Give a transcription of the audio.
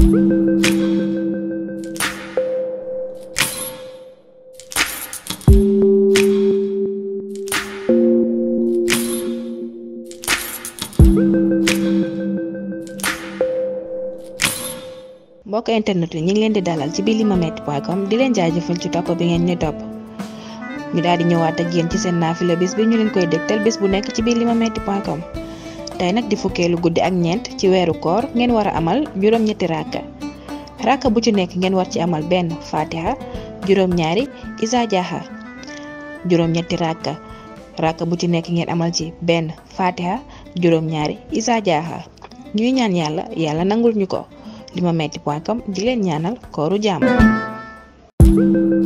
mbokk internet yi ñu ngi leen di dalal ci biir limametti.com di leen jaajëfal ci topp bi ngeen ñu topp ñu daal di ñëwaat ak yéen ci seen naafila bis bi ñu leen koy dégtal bis bu nekk ci biir tey nag di fukkeelu guddi ak ñeent ci weeru koor ngeen war a amal juróom-ñetti rakka rakka bu ci nekk ngeen war ci amal benn fatiha juróom-ñaari isa jaaxa juróom bu ci nekk ngeen amal ci benn fatiha juróom-ñaari isa ñuy ñaan yàlla yàlla nangul ñu ko limametti point com di leen ñaanal kooru jàmm